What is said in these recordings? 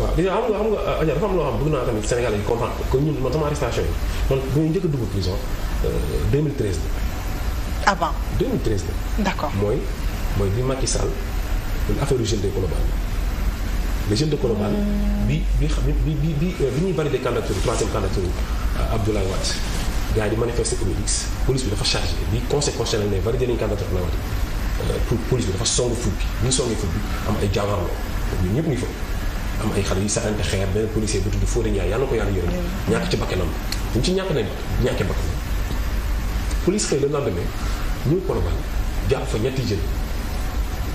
waaw déjà xam nga xam nga euh, am loo xam bëgg naa tamit Sénégalais yi comprendre ko que ñun man sama arrestation yi man bu ñu njëkk a dugg prison 2013 euh, la. avant ah 2013 la. d' accord mooy mooy bi Macky affaire jeune de Colobane les jeunes de Colobane. bi bi xam bi bi bi bi euh, ñuy valider candidature troisième candidature Abdoulaye Wade gars yi di manifester Obélix police bi dafa chargé bi conseil constitutionnel ne valider nañu candidature Abdoulaye Wade pour police bi dafa songu foot bi ñu songee foot bi am ay jaawarloo ñun ñëpp ñu fa. am ay xale yu saxante xeer benn policier bu tudd Fodé Ndiaye yàlla na ko yàlla yërëm ñàkk ci bakkanam ñu ci ñàkk nañ ñàkkee bakkanam police xëy la lendemain ñuy Colobane jàpp fa ñetti jeunes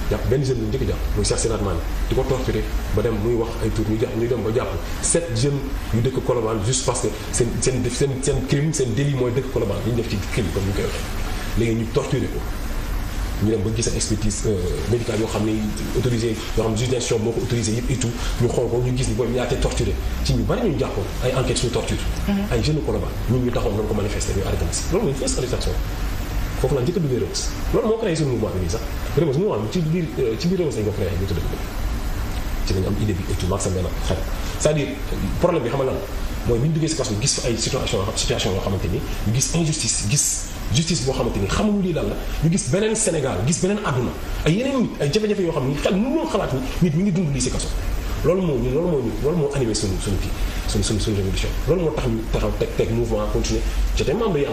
jàpp benn jeune bu njëkk jàpp muy Cheikh Sénat Mané di ko torturé wax ay tur ñu dem ba jàpp sept jeunes yu dëkk Colobane juste parce que seen seen seen seen crime seen délit mooy dëkk Colobane li ñu def ci crime comme ñu koy waxee léegi ñu torturé ko ñu dem ba gis ay expertise euh, médicale yoo xam ne autorisé yoo xam ne juge d'instruction moo ko autorisé yëpp et tout ñu xool ko ñu gis ni booy ñaate torturé ci ñu bari ñu jàppoon ay enquête sur torture mm-hmm. ay jeunes Colobane ñun ñu ko manifesté ñu arrêté loolu mooy fausse arrestation foofu la moo créé suñu mouvement bi nii sax Rebeus mouvement bi ci biir euh, ci biir Rebeus lañ ko créé ñu tudd ci lañ am idée bi et tout maag sa benn xarit cest problème bi xamal lan mooy bi ñu duggee si kaso gis ay situation situation yoo xamante ni ñu gis injustice justice boo xamante ni xamuñu lii lan la ñu gis beneen Sénégal gis beneen àdduna ay yeneen nit ay jafe-jafe yoo xam ni xel mënu loon xalaat ni nit mi ngi dund lii si kaso loolu moo ñu loolu moo ñu loolu moo animé suñu suñu tax ñu taxaw teg teg mouvement continuer j'étais membre yi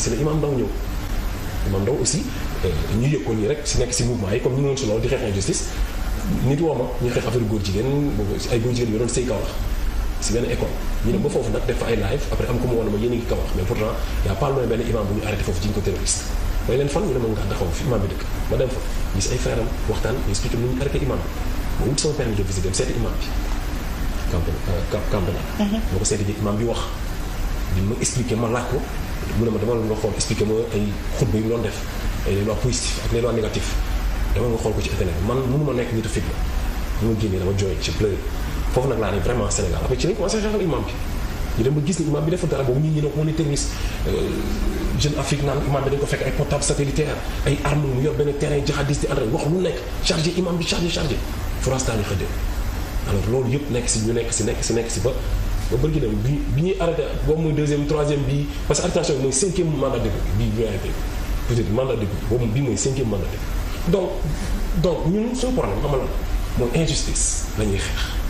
si la imam ndaw ñëw imam ndaw aussi euh, ñu yëg ko rek si nekk si mouvement yi comme ñu ngi si loolu di xeex injustice nit woo ma ñu xeex affaire góor jigéen ay góor jigéen yoo doon sëy kaw wax si benn école ñu dem ba foofu nag def fa ay live après am ko mu woon ma yéen a ngi kaw wax mais pourtant y' a pas loin benn imam bu ñu arrêté foofu jiñ ko terroriste may leen fan ñu ma nekk nitu fit la mu ma génnee dama jooy ci pleure foofu nag laa ne vraiment Sénégal après ci lañ commencé xeexal imam bi ñu dem ba gis ni imam bi deful dara boobu ñu euh, fekk ay portable satellitaire ay arme mu yor benn yëpp nekk si ñu nekk si nekk si nekk si ba ba bi bi ñuy arrêté boobu mooy deuxième bi parce que arrestation bi bi bi arrêté peut-être mandat de boobu bi mooy cinquième mandat de donc donc ñun suñu injustice la ñuy xeex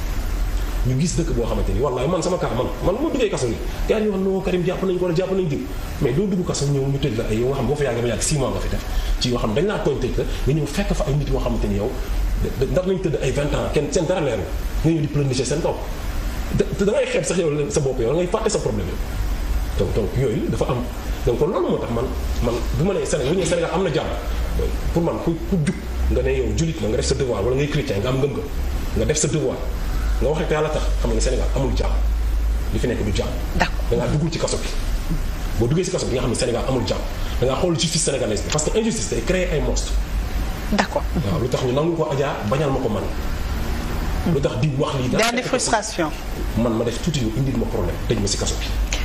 ñu gis dëkk boo xamante ni wallaay man sama cas man man moo duggee la ay yoo nga xam boo fa yàgg ba yàgg 6 mois ne dañ laa tooñ nga ay nit yoo xamante ni yow ndax sa bopp yow da ngay fàtte sa problème yow donc dafa am donc kon man man bu ma nee Sénégal bu ñu am na jàmm pour man ku ku jug nga ne yow julit la nga def sa devoir wala ngay chrétien nga am ngëm nga def sa devoir nga wax rek la yàlla tax xam nga ne Sénégal amul jàmm li fi nekk du jàmm. d'accord da ngaa duggul ci kaso bi boo duggee ci kaso bi nga xam ne Sénégal amul jàmm da ngaa xool justice sénégalaise bi parce que injustice day créer ay monstre. d'accord waaw lu tax ñu nangu ko Adja bañal ma ko man. lu tax di wax lii daal. daal di frustration. man ma def tuuti ñu indil ma problème tëj ma ci kaso bi.